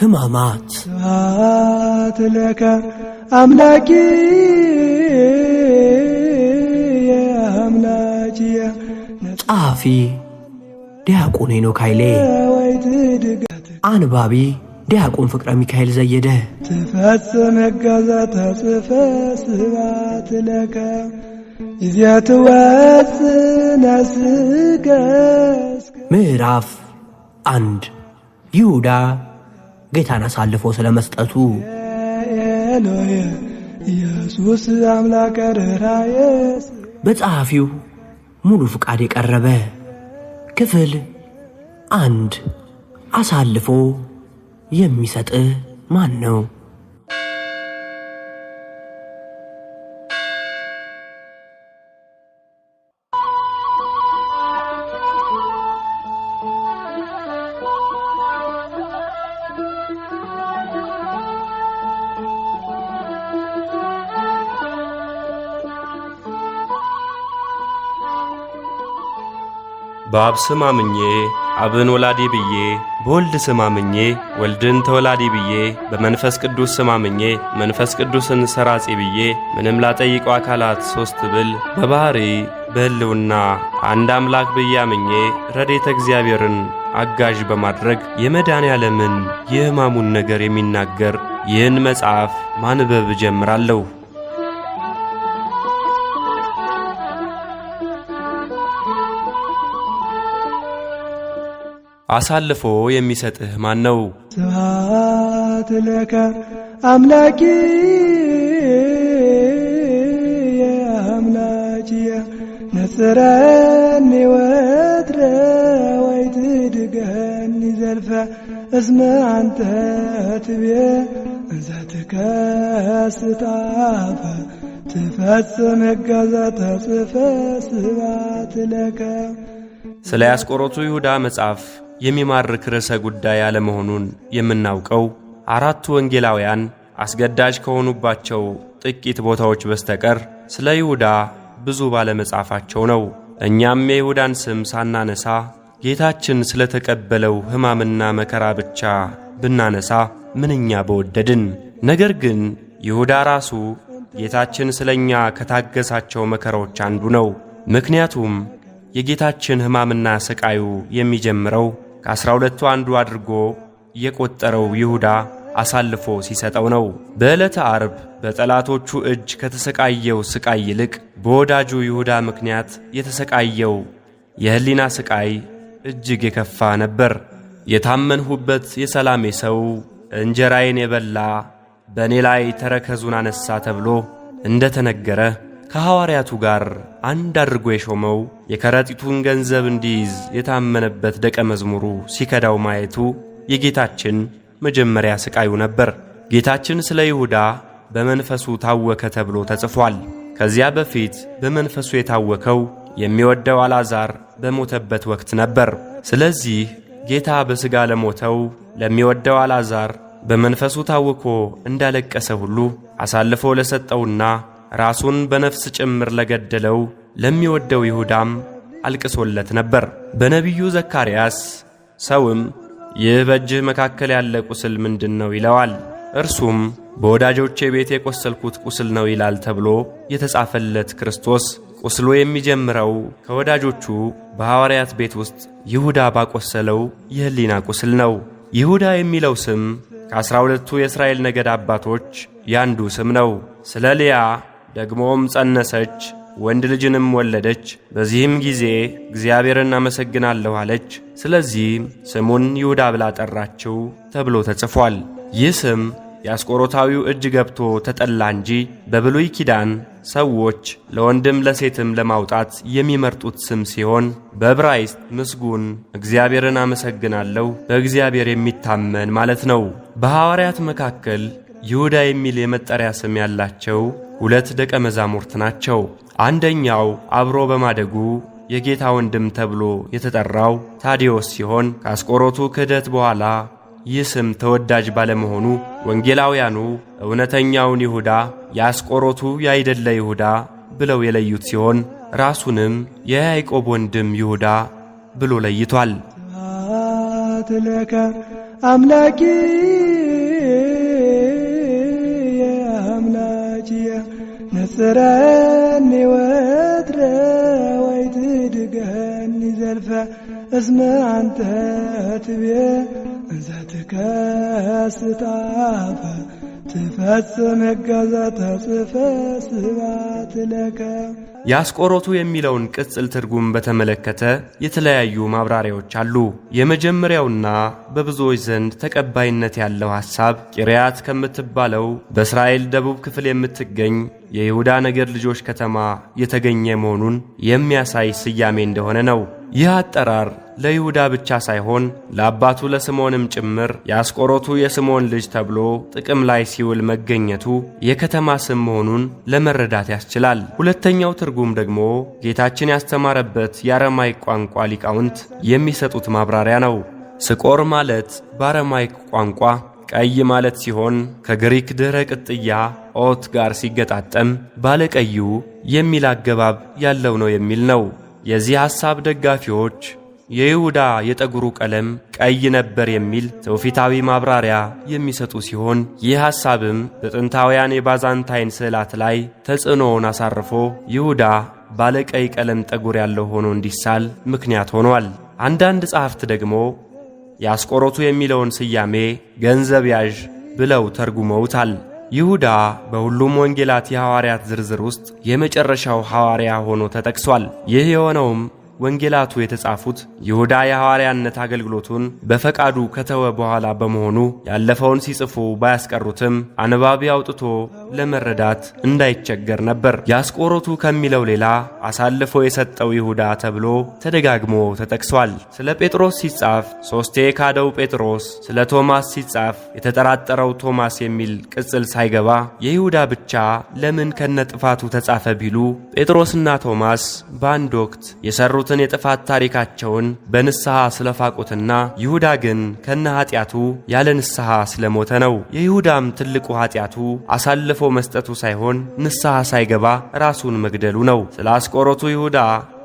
ህማማት ለከ አምላኪ አምላኪ ጸሐፊ ዲያቆን ሄኖክ ኃይሌ፣ አንባቢ ዲያቆን ፍቅረ ሚካኤል ዘየደ። ትፈጽም እገዛተ ጽፈ ስባት ለከ ይዘትወፅእ ነስገ ምዕራፍ አንድ ይሁዳ ጌታን አሳልፎ ስለ መስጠቱ ኢየሱስ አምላከ ርኅራኄ በጸሐፊው ሙሉ ፍቃድ የቀረበ ክፍል አንድ አሳልፎ የሚሰጥ ማን ነው? በአብ ስም አምኜ አብን ወላዴ ብዬ በወልድ ስም አምኜ ወልድን ተወላዴ ብዬ በመንፈስ ቅዱስ ስም አምኜ መንፈስ ቅዱስን ሰራጺ ብዬ ምንም ላጠይቀው አካላት ሶስት ብል በባህሪ በሕልውና አንድ አምላክ ብዬ አምኜ ረዴተ እግዚአብሔርን አጋዥ በማድረግ የመዳን ያለምን የሕማሙን ነገር የሚናገር ይህን መጽሐፍ ማንበብ እጀምራለሁ። አሳልፎ የሚሰጥህ ማን ነው? ስብሐት ለከ አምላኪ አምላኪ ነጽረኒ ወትረ ወይትድገኒ ዘልፈ እስመ አንተ ትቤ እንዘ ትከስጣፈ ትፈጽም ሕገ ዘተጽፈ ስብሐት ለከ ስለ ያስቆሮቱ ይሁዳ መጽሐፍ የሚማርክ ርዕሰ ጉዳይ አለመሆኑን የምናውቀው አራቱ ወንጌላውያን አስገዳጅ ከሆኑባቸው ጥቂት ቦታዎች በስተቀር ስለ ይሁዳ ብዙ ባለመጻፋቸው ነው። እኛም የይሁዳን ስም ሳናነሳ ጌታችን ስለ ተቀበለው ሕማምና መከራ ብቻ ብናነሳ ምንኛ በወደድን። ነገር ግን ይሁዳ ራሱ ጌታችን ስለ እኛ ከታገሳቸው መከራዎች አንዱ ነው። ምክንያቱም የጌታችን ሕማምና ሥቃዩ የሚጀምረው ከዐሥራ ሁለቱ አንዱ አድርጎ የቈጠረው ይሁዳ አሳልፎ ሲሰጠው ነው። በዕለተ አርብ በጠላቶቹ እጅ ከተሰቃየው ሥቃይ ይልቅ በወዳጁ ይሁዳ ምክንያት የተሰቃየው የሕሊና ሥቃይ እጅግ የከፋ ነበር። የታመንሁበት የሰላሜ ሰው እንጀራዬን የበላ በእኔ ላይ ተረከዙን አነሣ ተብሎ እንደ ተነገረ ከሐዋርያቱ ጋር አንድ አድርጎ የሾመው የከረጢቱን ገንዘብ እንዲይዝ የታመነበት ደቀ መዝሙሩ ሲከዳው ማየቱ የጌታችን መጀመሪያ ሥቃዩ ነበር። ጌታችን ስለ ይሁዳ በመንፈሱ ታወከ ተብሎ ተጽፏል። ከዚያ በፊት በመንፈሱ የታወከው የሚወደው አልዓዛር በሞተበት ወቅት ነበር። ስለዚህ ጌታ በሥጋ ለሞተው ለሚወደው አልዓዛር በመንፈሱ ታውኮ እንዳለቀሰ ሁሉ አሳልፎ ለሰጠውና ራሱን በነፍስ ጭምር ለገደለው ለሚወደው ይሁዳም አልቅሶለት ነበር። በነቢዩ ዘካርያስ ሰውም ይህ በእጅህ መካከል ያለ ቁስል ምንድን ነው ይለዋል። እርሱም በወዳጆቼ ቤት የቈሰልኩት ቁስል ነው ይላል ተብሎ የተጻፈለት ክርስቶስ ቁስሎ የሚጀምረው ከወዳጆቹ በሐዋርያት ቤት ውስጥ ይሁዳ ባቈሰለው የሕሊና ቁስል ነው። ይሁዳ የሚለው ስም ከአሥራ ሁለቱ የእስራኤል ነገድ አባቶች ያንዱ ስም ነው። ስለ ልያ ደግሞም ጸነሰች፣ ወንድ ልጅንም ወለደች። በዚህም ጊዜ እግዚአብሔርን አመሰግናለሁ አለች። ስለዚህም ስሙን ይሁዳ ብላ ጠራችው ተብሎ ተጽፏል። ይህ ስም የአስቆሮታዊው እጅ ገብቶ ተጠላ እንጂ በብሉይ ኪዳን ሰዎች ለወንድም ለሴትም ለማውጣት የሚመርጡት ስም ሲሆን በዕብራይስጥ ምስጉን፣ እግዚአብሔርን አመሰግናለሁ፣ በእግዚአብሔር የሚታመን ማለት ነው። በሐዋርያት መካከል ይሁዳ የሚል የመጠሪያ ስም ያላቸው ሁለት ደቀ መዛሙርት ናቸው። አንደኛው አብሮ በማደጉ የጌታ ወንድም ተብሎ የተጠራው ታዲዮስ ሲሆን ከአስቆሮቱ ክህደት በኋላ ይህ ስም ተወዳጅ ባለመሆኑ ወንጌላውያኑ እውነተኛውን ይሁዳ የአስቆሮቱ ያይደለ ይሁዳ ብለው የለዩት ሲሆን ራሱንም የያዕቆብ ወንድም ይሁዳ ብሎ ለይቷል። አምላኪ ስረኒ ወትረ ወይትድገኒ ዘልፈ እስመ አንተ ትቤ እንዘ ትከስጣፈ ትፈጽም ሕገ ዘተጽፈ ስብሐት ለከ የአስቆሮቱ የሚለውን ቅጽል ትርጉም በተመለከተ የተለያዩ ማብራሪያዎች አሉ። የመጀመሪያውና በብዙዎች ዘንድ ተቀባይነት ያለው ሐሳብ ቂርያት ከምትባለው በእስራኤል ደቡብ ክፍል የምትገኝ የይሁዳ ነገድ ልጆች ከተማ የተገኘ መሆኑን የሚያሳይ ስያሜ እንደሆነ ነው። ይህ አጠራር ለይሁዳ ብቻ ሳይሆን ለአባቱ ለስምዖንም ጭምር የአስቆሮቱ የስምዖን ልጅ ተብሎ ጥቅም ላይ ሲውል መገኘቱ የከተማ ስም መሆኑን ለመረዳት ያስችላል። ሁለተኛው ትርጉም ደግሞ ጌታችን ያስተማረበት የአረማይክ ቋንቋ ሊቃውንት የሚሰጡት ማብራሪያ ነው። ስቆር ማለት በአረማይክ ቋንቋ ቀይ ማለት ሲሆን ከግሪክ ድኅረ ቅጥያ ኦት ጋር ሲገጣጠም ባለቀዩ የሚል አገባብ ያለው ነው የሚል ነው። የዚህ ሐሳብ ደጋፊዎች የይሁዳ የጠጉሩ ቀለም ቀይ ነበር የሚል ትውፊታዊ ማብራሪያ የሚሰጡ ሲሆን ይህ ሐሳብም በጥንታውያን የባዛንታይን ስዕላት ላይ ተጽዕኖውን አሳርፎ ይሁዳ ባለቀይ ቀለም ጠጉር ያለው ሆኖ እንዲሳል ምክንያት ሆኗል። አንዳንድ ጸሐፍት ደግሞ የአስቆሮቱ የሚለውን ስያሜ ገንዘብ ያዥ ብለው ተርጉመውታል። ይሁዳ በሁሉም ወንጌላት የሐዋርያት ዝርዝር ውስጥ የመጨረሻው ሐዋርያ ሆኖ ተጠቅሷል። ይህ የሆነውም ወንጌላቱ የተጻፉት ይሁዳ የሐዋርያነት አገልግሎቱን በፈቃዱ ከተወ በኋላ በመሆኑ ያለፈውን ሲጽፉ ባያስቀሩትም አንባቢ አውጥቶ ለመረዳት እንዳይቸገር ነበር። ያስቆሮቱ ከሚለው ሌላ አሳልፎ የሰጠው ይሁዳ ተብሎ ተደጋግሞ ተጠቅሷል። ስለ ጴጥሮስ ሲጻፍ ሦስቴ የካደው ጴጥሮስ፣ ስለ ቶማስ ሲጻፍ የተጠራጠረው ቶማስ የሚል ቅጽል ሳይገባ የይሁዳ ብቻ ለምን ከነጥፋቱ ተጻፈ ቢሉ ጴጥሮስና ቶማስ በአንድ ወቅት የሰሩ። የቀሩትን የጥፋት ታሪካቸውን በንስሐ ስለፋቁትና ይሁዳ ግን ከነ ኃጢአቱ ያለ ንስሐ ስለሞተ ነው። የይሁዳም ትልቁ ኃጢአቱ አሳልፎ መስጠቱ ሳይሆን ንስሐ ሳይገባ ራሱን መግደሉ ነው። ስለ አስቆሮቱ ይሁዳ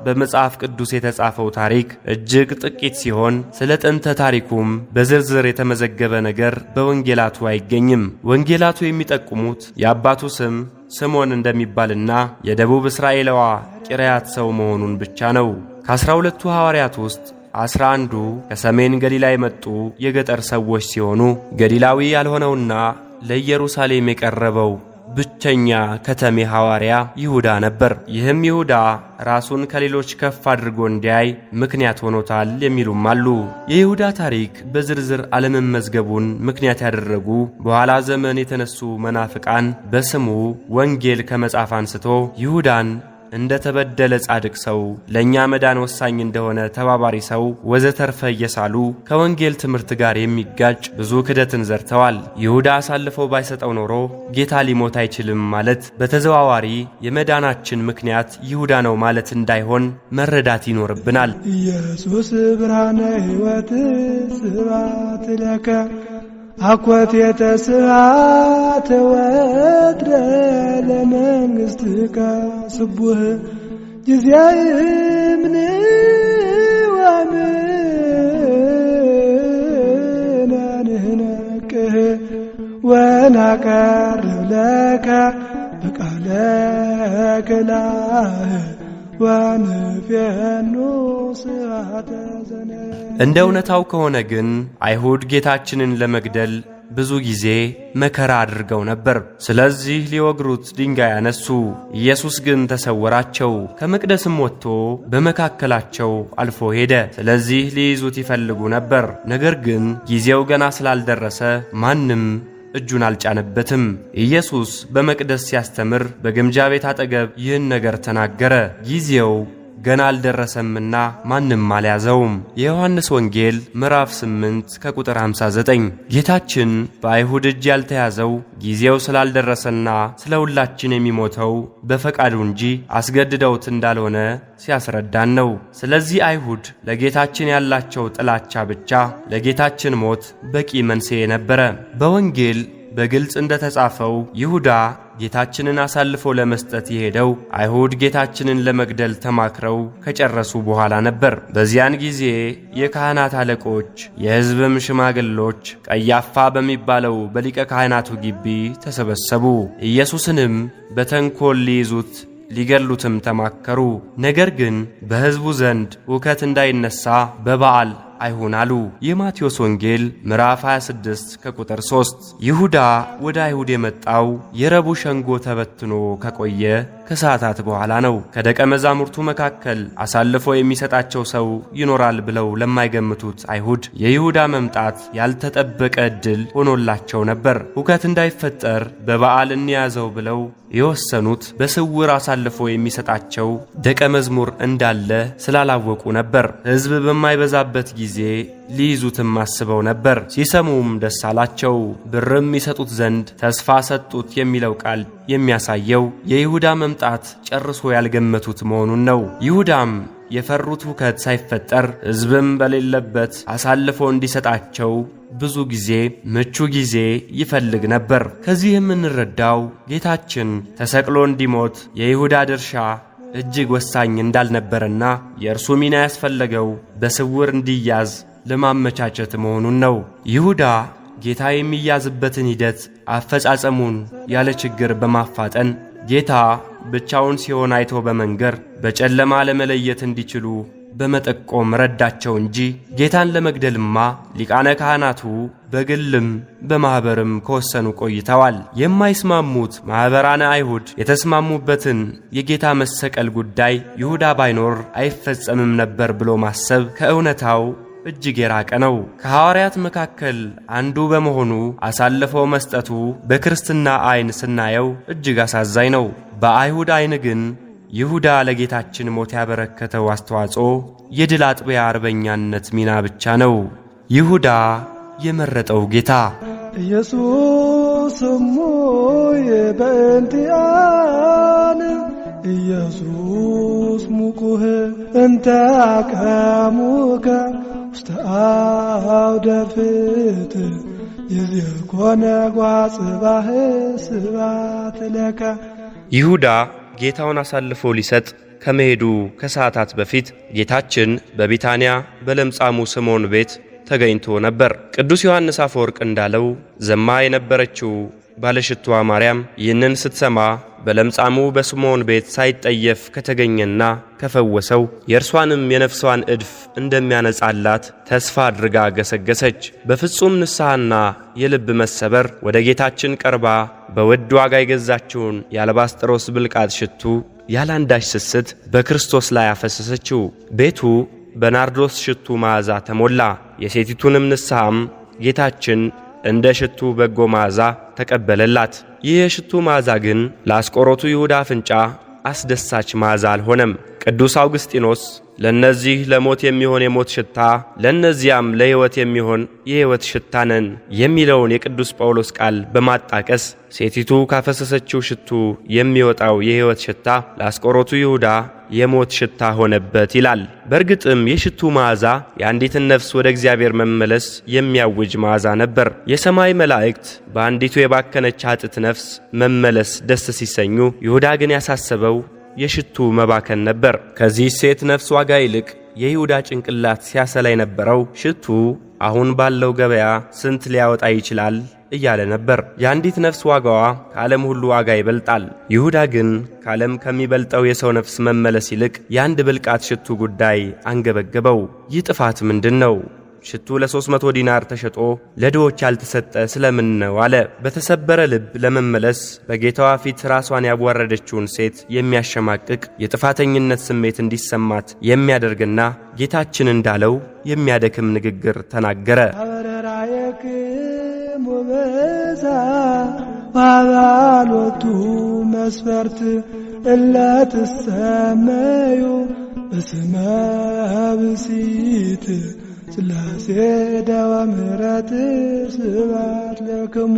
በመጽሐፍ ቅዱስ የተጻፈው ታሪክ እጅግ ጥቂት ሲሆን ስለ ጥንተ ታሪኩም በዝርዝር የተመዘገበ ነገር በወንጌላቱ አይገኝም። ወንጌላቱ የሚጠቁሙት የአባቱ ስም ስምዖን እንደሚባልና የደቡብ እስራኤላዋ ቂርያት ሰው መሆኑን ብቻ ነው። ከአስራ ሁለቱ ሐዋርያት ውስጥ አስራ አንዱ ከሰሜን ገሊላ የመጡ የገጠር ሰዎች ሲሆኑ ገሊላዊ ያልሆነውና ለኢየሩሳሌም የቀረበው ብቸኛ ከተሜ ሐዋርያ ይሁዳ ነበር። ይህም ይሁዳ ራሱን ከሌሎች ከፍ አድርጎ እንዲያይ ምክንያት ሆኖታል የሚሉም አሉ። የይሁዳ ታሪክ በዝርዝር አለመመዝገቡን ምክንያት ያደረጉ በኋላ ዘመን የተነሱ መናፍቃን በስሙ ወንጌል ከመጻፍ አንስቶ ይሁዳን እንደ ተበደለ ጻድቅ ሰው፣ ለእኛ መዳን ወሳኝ እንደሆነ ተባባሪ ሰው ወዘተርፈ እየሳሉ ከወንጌል ትምህርት ጋር የሚጋጭ ብዙ ክደትን ዘርተዋል። ይሁዳ አሳልፈው ባይሰጠው ኖሮ ጌታ ሊሞት አይችልም ማለት በተዘዋዋሪ የመዳናችን ምክንያት ይሁዳ ነው ማለት እንዳይሆን መረዳት ይኖርብናል። ኢየሱስ ብርሃነ ሕይወት ስባት ለከ አኮቴተ ስብሐት ወትረ ለመንግሥትከ ስቡህ ጊዜይ እምንወምነ ንህነቅህ ወናቀርብ ለከ በቃለ ክላህ ወንፌኖ እንደ እውነታው ከሆነ ግን አይሁድ ጌታችንን ለመግደል ብዙ ጊዜ መከራ አድርገው ነበር። ስለዚህ ሊወግሩት ድንጋይ አነሱ። ኢየሱስ ግን ተሰወራቸው፣ ከመቅደስም ወጥቶ በመካከላቸው አልፎ ሄደ። ስለዚህ ሊይዙት ይፈልጉ ነበር። ነገር ግን ጊዜው ገና ስላልደረሰ ማንም እጁን አልጫነበትም። ኢየሱስ በመቅደስ ሲያስተምር በግምጃ ቤት አጠገብ ይህን ነገር ተናገረ። ጊዜው ገና አልደረሰምና ማንም አልያዘውም። የዮሐንስ ወንጌል ምዕራፍ 8 ከቁጥር 59። ጌታችን በአይሁድ እጅ ያልተያዘው ጊዜው ስላልደረሰና ስለ ሁላችን የሚሞተው በፈቃዱ እንጂ አስገድደውት እንዳልሆነ ሲያስረዳን ነው። ስለዚህ አይሁድ ለጌታችን ያላቸው ጥላቻ ብቻ ለጌታችን ሞት በቂ መንስኤ ነበረ። በወንጌል በግልጽ እንደተጻፈው ይሁዳ ጌታችንን አሳልፎ ለመስጠት የሄደው አይሁድ ጌታችንን ለመግደል ተማክረው ከጨረሱ በኋላ ነበር። በዚያን ጊዜ የካህናት አለቆች፣ የሕዝብም ሽማግሎች ቀያፋ በሚባለው በሊቀ ካህናቱ ግቢ ተሰበሰቡ። ኢየሱስንም በተንኮል ሊይዙት ሊገሉትም ተማከሩ። ነገር ግን በሕዝቡ ዘንድ ውከት እንዳይነሳ በበዓል አይሁን አሉ። የማቴዎስ ወንጌል ምዕራፍ 26 ከቁጥር 3። ይሁዳ ወደ አይሁድ የመጣው የረቡ ሸንጎ ተበትኖ ከቆየ ከሰዓታት በኋላ ነው። ከደቀ መዛሙርቱ መካከል አሳልፎ የሚሰጣቸው ሰው ይኖራል ብለው ለማይገምቱት አይሁድ የይሁዳ መምጣት ያልተጠበቀ ዕድል ሆኖላቸው ነበር። ሁከት እንዳይፈጠር በበዓል እንያዘው ብለው የወሰኑት በስውር አሳልፎ የሚሰጣቸው ደቀ መዝሙር እንዳለ ስላላወቁ ነበር። ሕዝብ በማይበዛበት ጊዜ ጊዜ ሊይዙትም አስበው ነበር። ሲሰሙም ደስ አላቸው፣ ብርም ይሰጡት ዘንድ ተስፋ ሰጡት የሚለው ቃል የሚያሳየው የይሁዳ መምጣት ጨርሶ ያልገመቱት መሆኑን ነው። ይሁዳም የፈሩት ሁከት ሳይፈጠር ሕዝብም በሌለበት አሳልፎ እንዲሰጣቸው ብዙ ጊዜ ምቹ ጊዜ ይፈልግ ነበር። ከዚህ የምንረዳው ጌታችን ተሰቅሎ እንዲሞት የይሁዳ ድርሻ እጅግ ወሳኝ እንዳልነበረና የእርሱ ሚና ያስፈለገው በስውር እንዲያዝ ለማመቻቸት መሆኑን ነው። ይሁዳ ጌታ የሚያዝበትን ሂደት አፈጻጸሙን ያለ ችግር በማፋጠን ጌታ ብቻውን ሲሆን አይቶ በመንገር በጨለማ ለመለየት እንዲችሉ በመጠቆም ረዳቸው እንጂ ጌታን ለመግደልማ ሊቃነ ካህናቱ በግልም በማኅበርም ከወሰኑ ቆይተዋል። የማይስማሙት ማኅበራነ አይሁድ የተስማሙበትን የጌታ መሰቀል ጉዳይ ይሁዳ ባይኖር አይፈጸምም ነበር ብሎ ማሰብ ከእውነታው እጅግ የራቀ ነው። ከሐዋርያት መካከል አንዱ በመሆኑ አሳልፈው መስጠቱ በክርስትና ዐይን ስናየው እጅግ አሳዛኝ ነው። በአይሁድ ዐይን ግን ይሁዳ ለጌታችን ሞት ያበረከተው አስተዋጽኦ የድል አጥቢያ አርበኛነት ሚና ብቻ ነው። ይሁዳ የመረጠው ጌታ ኢየሱስ ሙ የበንቲያን ኢየሱስ ሙቁህ እንተ አቃሙከ ውስተ ጓጽባህ ስባት ለከ ይሁዳ ጌታውን አሳልፎ ሊሰጥ ከመሄዱ ከሰዓታት በፊት ጌታችን በቢታንያ በለምጻሙ ስምዖን ቤት ተገኝቶ ነበር። ቅዱስ ዮሐንስ አፈወርቅ እንዳለው ዘማ የነበረችው ባለሽቷ ማርያም ይህንን ስትሰማ በለምጻሙ በስምዖን ቤት ሳይጠየፍ ከተገኘና ከፈወሰው የእርሷንም የነፍሷን እድፍ እንደሚያነጻላት ተስፋ አድርጋ ገሰገሰች። በፍጹም ንስሐና የልብ መሰበር ወደ ጌታችን ቀርባ በውድ ዋጋ የገዛችውን የአልባስጥሮስ ብልቃጥ ሽቱ ያለ አንዳች ስስት በክርስቶስ ላይ አፈሰሰችው። ቤቱ በናርዶስ ሽቱ መዓዛ ተሞላ። የሴቲቱንም ንስሐም ጌታችን እንደ ሽቱ በጎ መዓዛ ተቀበለላት። ይህ የሽቱ መዓዛ ግን ለአስቆሮቱ ይሁዳ አፍንጫ አስደሳች መዓዛ አልሆነም። ቅዱስ አውግስጢኖስ ለእነዚህ ለሞት የሚሆን የሞት ሽታ ለእነዚያም ለሕይወት የሚሆን የሕይወት ሽታ ነን የሚለውን የቅዱስ ጳውሎስ ቃል በማጣቀስ ሴቲቱ ካፈሰሰችው ሽቱ የሚወጣው የሕይወት ሽታ ለአስቆሮቱ ይሁዳ የሞት ሽታ ሆነበት ይላል። በእርግጥም የሽቱ መዓዛ የአንዲትን ነፍስ ወደ እግዚአብሔር መመለስ የሚያውጅ መዓዛ ነበር። የሰማይ መላእክት በአንዲቱ የባከነች አጥት ነፍስ መመለስ ደስ ሲሰኙ፣ ይሁዳ ግን ያሳሰበው የሽቱ መባከን ነበር። ከዚህ ሴት ነፍስ ዋጋ ይልቅ የይሁዳ ጭንቅላት ሲያሰላ የነበረው ሽቱ አሁን ባለው ገበያ ስንት ሊያወጣ ይችላል እያለ ነበር። የአንዲት ነፍስ ዋጋዋ ከዓለም ሁሉ ዋጋ ይበልጣል። ይሁዳ ግን ከዓለም ከሚበልጠው የሰው ነፍስ መመለስ ይልቅ የአንድ ብልቃት ሽቱ ጉዳይ አንገበገበው። ይህ ጥፋት ምንድን ነው? ሽቱ ለ300 ዲናር ተሸጦ ለድዎች ያልተሰጠ ስለምን ነው አለ። በተሰበረ ልብ ለመመለስ በጌታዋ ፊት ራሷን ያዋረደችውን ሴት የሚያሸማቅቅ የጥፋተኝነት ስሜት እንዲሰማት የሚያደርግና ጌታችን እንዳለው የሚያደክም ንግግር ተናገረ። ባባሎቱ መስፈርት እለትሰመዩ በስመ ስላሴ ለክሙ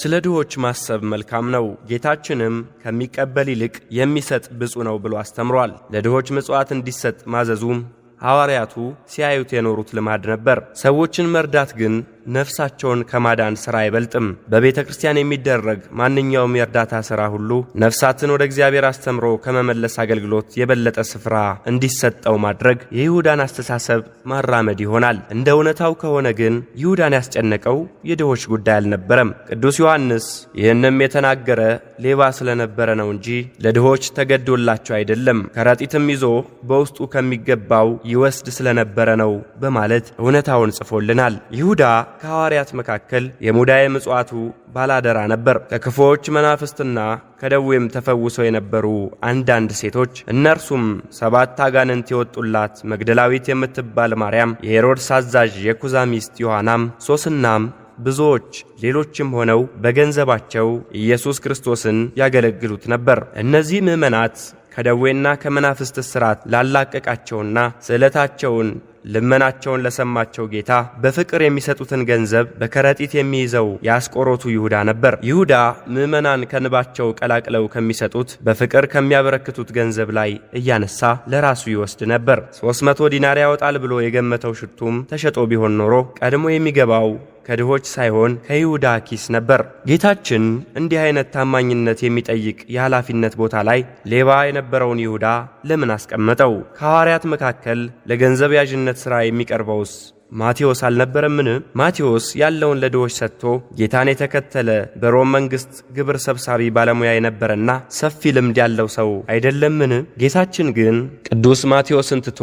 ስለ ድሆች ማሰብ መልካም ነው፣ ጌታችንም ከሚቀበል ይልቅ የሚሰጥ ብፁ ነው ብሎ አስተምሯል። ለድሆች ምጽዋት እንዲሰጥ ማዘዙም ሐዋርያቱ ሲያዩት የኖሩት ልማድ ነበር። ሰዎችን መርዳት ግን ነፍሳቸውን ከማዳን ሥራ አይበልጥም። በቤተ ክርስቲያን የሚደረግ ማንኛውም የእርዳታ ሥራ ሁሉ ነፍሳትን ወደ እግዚአብሔር አስተምሮ ከመመለስ አገልግሎት የበለጠ ስፍራ እንዲሰጠው ማድረግ የይሁዳን አስተሳሰብ ማራመድ ይሆናል። እንደ እውነታው ከሆነ ግን ይሁዳን ያስጨነቀው የድሆች ጉዳይ አልነበረም። ቅዱስ ዮሐንስ ይህንም የተናገረ ሌባ ስለነበረ ነው እንጂ ለድሆች ተገዶላቸው አይደለም፣ ከረጢትም ይዞ በውስጡ ከሚገባው ይወስድ ስለነበረ ነው በማለት እውነታውን ጽፎልናል። ይሁዳ ከሐዋርያት መካከል የሙዳየ ምጽዋቱ ባላደራ ነበር። ከክፉዎች መናፍስትና ከደዌም ተፈውሰው የነበሩ አንዳንድ ሴቶች እነርሱም ሰባት አጋንንት የወጡላት መግደላዊት የምትባል ማርያም፣ የሄሮድስ አዛዥ የኩዛ ሚስት ዮሐናም፣ ሶስናም ብዙዎች ሌሎችም ሆነው በገንዘባቸው ኢየሱስ ክርስቶስን ያገለግሉት ነበር። እነዚህ ምዕመናት ከደዌና ከመናፍስት እስራት ላላቀቃቸውና ስዕለታቸውን ልመናቸውን ለሰማቸው ጌታ በፍቅር የሚሰጡትን ገንዘብ በከረጢት የሚይዘው የአስቆሮቱ ይሁዳ ነበር። ይሁዳ ምዕመናን ከንባቸው ቀላቅለው ከሚሰጡት በፍቅር ከሚያበረክቱት ገንዘብ ላይ እያነሳ ለራሱ ይወስድ ነበር። ሦስት መቶ ዲናር ያወጣል ብሎ የገመተው ሽቱም ተሸጦ ቢሆን ኖሮ ቀድሞ የሚገባው ከድሆች ሳይሆን ከይሁዳ ኪስ ነበር። ጌታችን እንዲህ አይነት ታማኝነት የሚጠይቅ የኃላፊነት ቦታ ላይ ሌባ የነበረውን ይሁዳ ለምን አስቀመጠው? ከሐዋርያት መካከል ለገንዘብ ያዥነት ሥራ የሚቀርበውስ ማቴዎስ አልነበረምን? ማቴዎስ ያለውን ለድሆች ሰጥቶ ጌታን የተከተለ በሮም መንግሥት ግብር ሰብሳቢ ባለሙያ የነበረና ሰፊ ልምድ ያለው ሰው አይደለምን? ጌታችን ግን ቅዱስ ማቴዎስን ትቶ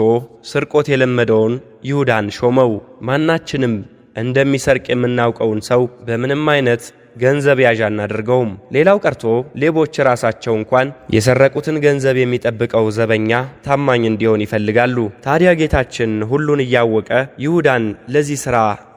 ስርቆት የለመደውን ይሁዳን ሾመው። ማናችንም እንደሚሰርቅ የምናውቀውን ሰው በምንም አይነት ገንዘብ ያዣ አናደርገውም። ሌላው ቀርቶ ሌቦች ራሳቸው እንኳን የሰረቁትን ገንዘብ የሚጠብቀው ዘበኛ ታማኝ እንዲሆን ይፈልጋሉ። ታዲያ ጌታችን ሁሉን እያወቀ ይሁዳን ለዚህ ሥራ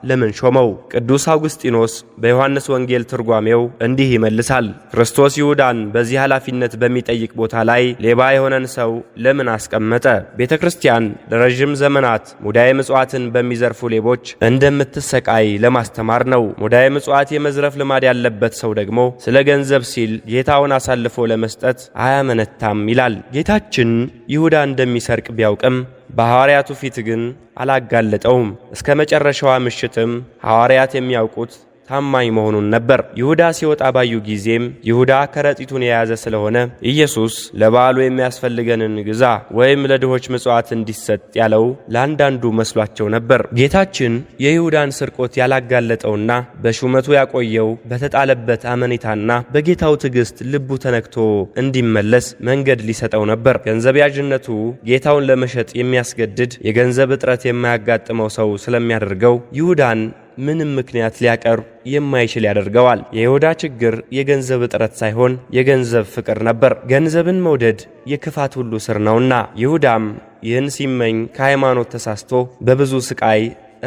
ለምን ሾመው? ቅዱስ አውግስጢኖስ በዮሐንስ ወንጌል ትርጓሜው እንዲህ ይመልሳል። ክርስቶስ ይሁዳን በዚህ ኃላፊነት በሚጠይቅ ቦታ ላይ ሌባ የሆነን ሰው ለምን አስቀመጠ? ቤተ ክርስቲያን ለረዥም ዘመናት ሙዳየ ምጽዋትን በሚዘርፉ ሌቦች እንደምትሰቃይ ለማስተማር ነው። ሙዳየ ምጽዋት የመዝረፍ ልማድ ያለበት ሰው ደግሞ ስለ ገንዘብ ሲል ጌታውን አሳልፎ ለመስጠት አያመነታም ይላል። ጌታችን ይሁዳ እንደሚሰርቅ ቢያውቅም በሐዋርያቱ ፊት ግን አላጋለጠውም። እስከ መጨረሻዋ ምሽትም ሐዋርያት የሚያውቁት ታማኝ መሆኑን ነበር። ይሁዳ ሲወጣ ባዩ ጊዜም ይሁዳ ከረጢቱን የያዘ ስለሆነ ኢየሱስ ለበዓሉ የሚያስፈልገንን ግዛ ወይም ለድሆች ምጽዋት እንዲሰጥ ያለው ለአንዳንዱ መስሏቸው ነበር። ጌታችን የይሁዳን ስርቆት ያላጋለጠውና በሹመቱ ያቆየው በተጣለበት አመኔታና በጌታው ትዕግስት ልቡ ተነክቶ እንዲመለስ መንገድ ሊሰጠው ነበር። ገንዘብ ያዥነቱ ጌታውን ለመሸጥ የሚያስገድድ የገንዘብ እጥረት የማያጋጥመው ሰው ስለሚያደርገው ይሁዳን ምንም ምክንያት ሊያቀርብ የማይችል ያደርገዋል። የይሁዳ ችግር የገንዘብ እጥረት ሳይሆን የገንዘብ ፍቅር ነበር። ገንዘብን መውደድ የክፋት ሁሉ ስር ነውና። ይሁዳም ይህን ሲመኝ ከሃይማኖት ተሳስቶ በብዙ ስቃይ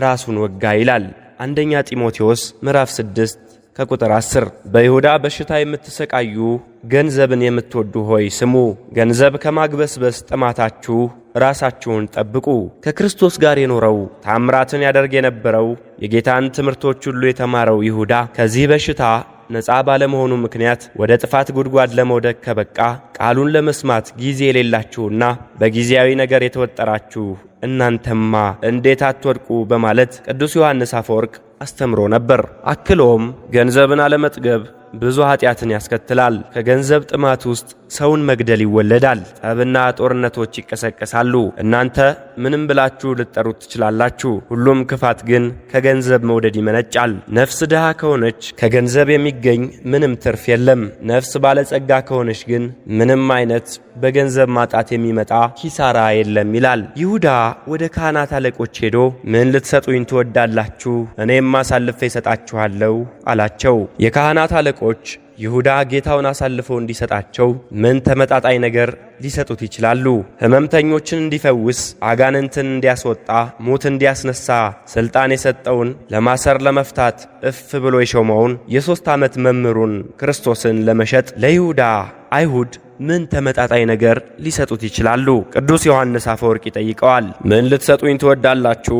ራሱን ወጋ ይላል። አንደኛ ጢሞቴዎስ ምዕራፍ 6 ከቁጥር 10 በይሁዳ በሽታ የምትሰቃዩ ገንዘብን የምትወዱ ሆይ ስሙ። ገንዘብ ከማግበስበስ ጥማታችሁ ራሳችሁን ጠብቁ። ከክርስቶስ ጋር የኖረው ታምራትን ያደርግ የነበረው የጌታን ትምህርቶች ሁሉ የተማረው ይሁዳ ከዚህ በሽታ ነፃ ባለመሆኑ ምክንያት ወደ ጥፋት ጉድጓድ ለመውደቅ ከበቃ ቃሉን ለመስማት ጊዜ የሌላችሁና በጊዜያዊ ነገር የተወጠራችሁ እናንተማ እንዴት አትወድቁ በማለት ቅዱስ ዮሐንስ አፈወርቅ አስተምሮ ነበር። አክሎም ገንዘብን አለመጥገብ ብዙ ኃጢአትን ያስከትላል። ከገንዘብ ጥማት ውስጥ ሰውን መግደል ይወለዳል። ጠብና ጦርነቶች ይቀሰቀሳሉ። እናንተ ምንም ብላችሁ ልትጠሩት ትችላላችሁ። ሁሉም ክፋት ግን ከገንዘብ መውደድ ይመነጫል። ነፍስ ድሃ ከሆነች ከገንዘብ የሚገኝ ምንም ትርፍ የለም። ነፍስ ባለጸጋ ከሆነች ግን ምንም አይነት በገንዘብ ማጣት የሚመጣ ኪሳራ የለም ይላል። ይሁዳ ወደ ካህናት አለቆች ሄዶ ምን ልትሰጡኝ ትወዳላችሁ? እኔም አሳልፌ እሰጣችኋለሁ አላቸው። የካህናት አለቆች ይሁዳ ጌታውን አሳልፈው እንዲሰጣቸው ምን ተመጣጣኝ ነገር ሊሰጡት ይችላሉ። ህመምተኞችን እንዲፈውስ፣ አጋንንትን እንዲያስወጣ፣ ሙት እንዲያስነሳ ስልጣን የሰጠውን ለማሰር ለመፍታት እፍ ብሎ የሾመውን የሦስት ዓመት መምህሩን ክርስቶስን ለመሸጥ ለይሁዳ አይሁድ ምን ተመጣጣኝ ነገር ሊሰጡት ይችላሉ? ቅዱስ ዮሐንስ አፈወርቅ ይጠይቀዋል። ምን ልትሰጡኝ ትወዳላችሁ?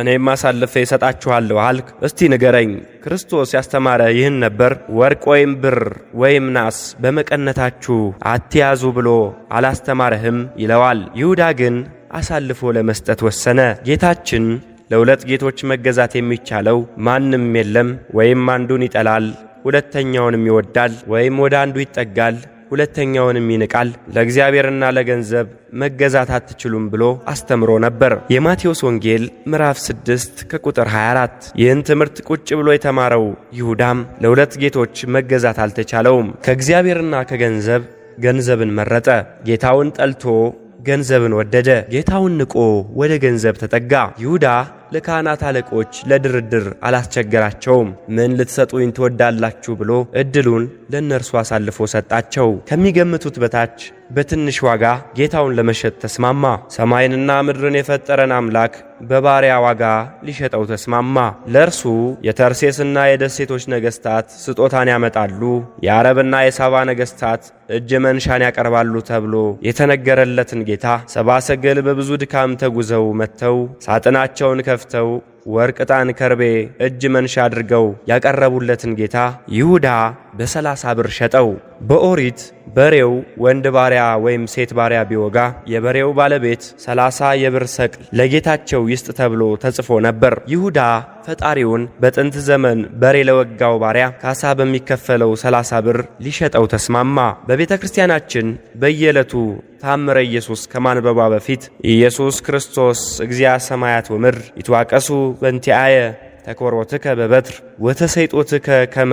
እኔም አሳልፌ እሰጣችኋለሁ አልክ? እስቲ ንገረኝ። ክርስቶስ ያስተማረ ይህን ነበር። ወርቅ ወይም ብር ወይም ናስ በመቀነታችሁ አትያዙ ብሎ አላስተማረህም ይለዋል። ይሁዳ ግን አሳልፎ ለመስጠት ወሰነ። ጌታችን ለሁለት ጌቶች መገዛት የሚቻለው ማንም የለም። ወይም አንዱን ይጠላል፣ ሁለተኛውንም ይወዳል፣ ወይም ወደ አንዱ ይጠጋል ሁለተኛውንም ይንቃል። ለእግዚአብሔርና ለገንዘብ መገዛት አትችሉም ብሎ አስተምሮ ነበር። የማቴዎስ ወንጌል ምዕራፍ 6 ከቁጥር 24። ይህን ትምህርት ቁጭ ብሎ የተማረው ይሁዳም ለሁለት ጌቶች መገዛት አልተቻለውም። ከእግዚአብሔርና ከገንዘብ ገንዘብን መረጠ። ጌታውን ጠልቶ ገንዘብን ወደደ። ጌታውን ንቆ ወደ ገንዘብ ተጠጋ። ይሁዳ ለካህናት አለቆች ለድርድር አላስቸገራቸውም። ምን ልትሰጡኝ ትወዳላችሁ ብሎ ዕድሉን ለእነርሱ አሳልፎ ሰጣቸው። ከሚገምቱት በታች በትንሽ ዋጋ ጌታውን ለመሸጥ ተስማማ። ሰማይንና ምድርን የፈጠረን አምላክ በባሪያ ዋጋ ሊሸጠው ተስማማ። ለእርሱ የተርሴስና የደሴቶች ነገሥታት ስጦታን ያመጣሉ፣ የአረብና የሳባ ነገሥታት እጅ መንሻን ያቀርባሉ ተብሎ የተነገረለትን ጌታ ሰብአ ሰገል በብዙ ድካም ተጉዘው መጥተው ሳጥናቸውን ከፍተው ወርቅ፣ ዕጣን፣ ከርቤ እጅ መንሻ አድርገው ያቀረቡለትን ጌታ ይሁዳ በሰላሳ ብር ሸጠው። በኦሪት በሬው ወንድ ባሪያ ወይም ሴት ባሪያ ቢወጋ የበሬው ባለቤት ሰላሳ የብር ሰቅል ለጌታቸው ይስጥ ተብሎ ተጽፎ ነበር። ይሁዳ ፈጣሪውን በጥንት ዘመን በሬ ለወጋው ባሪያ ካሳ በሚከፈለው ሰላሳ ብር ሊሸጠው ተስማማ። በቤተ ክርስቲያናችን በየዕለቱ ታምረ ኢየሱስ ከማንበቧ በፊት ኢየሱስ ክርስቶስ እግዚአ ሰማያት ወምድር ይትዋቀሱ በንቲአየ ተኰርዖትከ በበትር ወተሰይጦትከ ከመ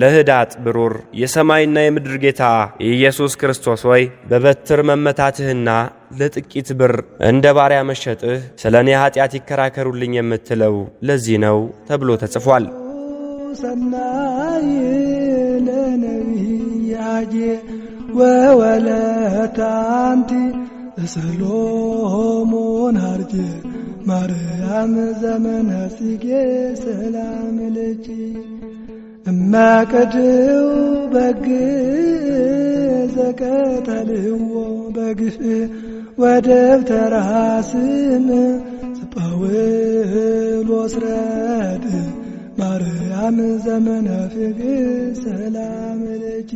ለህዳጥ ብሩር የሰማይና የምድር ጌታ ኢየሱስ ክርስቶስ ሆይ በበትር መመታትህና ለጥቂት ብር እንደ ባሪያ መሸጥህ ስለ እኔ ኀጢአት ይከራከሩልኝ የምትለው ለዚህ ነው ተብሎ ተጽፏል። ሰናይ ወወለታንቲ አንቲ እስሎሞን ማርያም ዘመን ጽጌ ሰላም ልጅ እማቀድው በግ ዘቀጠልዎ በግፍ ወደብተራስም ስጳውል ወስረድ ማርያም ዘመነ ፍግ ሰላም ልጅ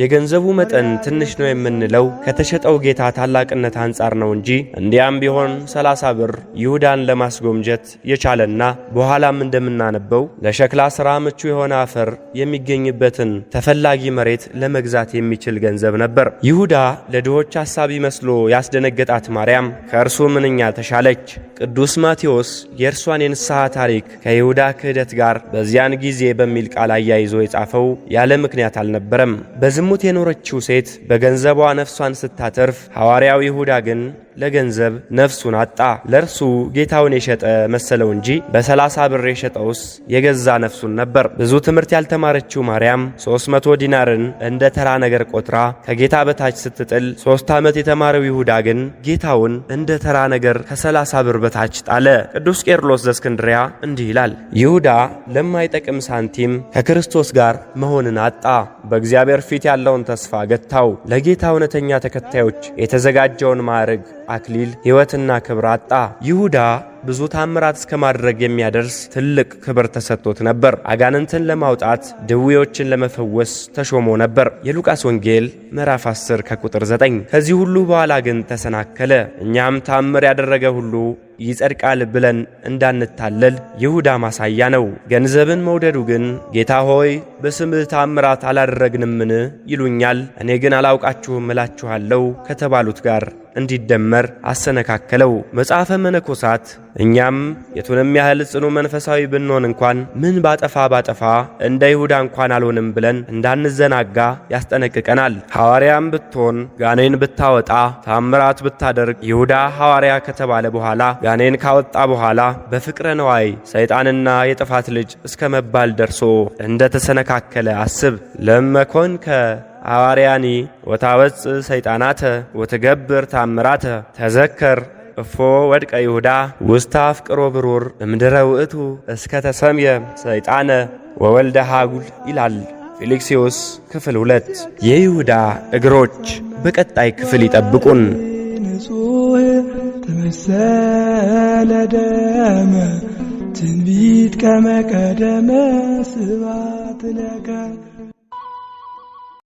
የገንዘቡ መጠን ትንሽ ነው የምንለው ከተሸጠው ጌታ ታላቅነት አንጻር ነው እንጂ እንዲያም ቢሆን ሰላሳ ብር ይሁዳን ለማስጎምጀት የቻለና በኋላም እንደምናነበው ለሸክላ ሥራ ምቹ የሆነ አፈር የሚገኝበትን ተፈላጊ መሬት ለመግዛት የሚችል ገንዘብ ነበር። ይሁዳ ለድሆች ሐሳቢ መስሎ ያስደነገጣት ማርያም ከእርሱ ምንኛ ተሻለች። ቅዱስ ማቴዎስ የእርሷን የንስሐ ታሪክ ከይሁዳ ክህደት ጋር በዚያን ጊዜ በሚል ቃል አያይዞ የጻፈው ያለ ምክንያት አልነበረም። በዝሙት የኖረችው ሴት በገንዘቧ ነፍሷን ስታተርፍ ሐዋርያው ይሁዳ ግን ለገንዘብ ነፍሱን አጣ። ለእርሱ ጌታውን የሸጠ መሰለው እንጂ በሰላሳ ብር የሸጠውስ የገዛ ነፍሱን ነበር። ብዙ ትምህርት ያልተማረችው ማርያም ሦስት መቶ ዲናርን እንደ ተራ ነገር ቆጥራ ከጌታ በታች ስትጥል፣ ሦስት ዓመት የተማረው ይሁዳ ግን ጌታውን እንደ ተራ ነገር ከሰላሳ ብር በታች ጣለ። ቅዱስ ቄርሎስ ዘእስክንድርያ እንዲህ ይላል፣ ይሁዳ ለማይጠቅም ሳንቲም ከክርስቶስ ጋር መሆንን አጣ። በእግዚአብሔር ፊት ያለውን ተስፋ ገታው። ለጌታ እውነተኛ ተከታዮች የተዘጋጀውን ማዕርግ አክሊል፣ ሕይወትና ክብር አጣ። ይሁዳ ብዙ ታምራት እስከ ማድረግ የሚያደርስ ትልቅ ክብር ተሰጥቶት ነበር። አጋንንትን ለማውጣት ድዌዎችን ለመፈወስ ተሾሞ ነበር። የሉቃስ ወንጌል ምዕራፍ 10 ከቁጥር 9። ከዚህ ሁሉ በኋላ ግን ተሰናከለ። እኛም ታምር ያደረገ ሁሉ ይጸድቃል ብለን እንዳንታለል ይሁዳ ማሳያ ነው። ገንዘብን መውደዱ ግን ጌታ ሆይ በስምህ ታምራት አላደረግንምን? ይሉኛል እኔ ግን አላውቃችሁም እላችኋለሁ ከተባሉት ጋር እንዲደመር አሰነካከለው። መጽሐፈ መነኮሳት እኛም የቱንም ያህል ጽኑ መንፈሳዊ ብንሆን እንኳን ምን ባጠፋ ባጠፋ እንደ ይሁዳ እንኳን አልሆንም ብለን እንዳንዘናጋ ያስጠነቅቀናል። ሐዋርያም ብትሆን ጋኔን ብታወጣ ታምራት ብታደርግ ይሁዳ ሐዋርያ ከተባለ በኋላ ጋኔን ካወጣ በኋላ በፍቅረ ነዋይ ሰይጣንና የጥፋት ልጅ እስከ መባል ደርሶ እንደ ተሰነካከለ አስብ ለመኮንከ አዋርያኒ ወታወፅ ሰይጣናተ ወትገብር ታምራተ ተዘከር እፎ ወድቀ ይሁዳ ውስታ አፍቅሮ ብሩር እምድረ ውእቱ እስከ ተሰምየ ሰይጣነ ወወልደ ሃጉል ይላል ፊልክስዮስ ክፍል ሁለት የይሁዳ እግሮች በቀጣይ ክፍል ይጠብቁን። ንጹሕ ተመሰለ ደመ ትንቢት ከመቀደመ ስባት ለከ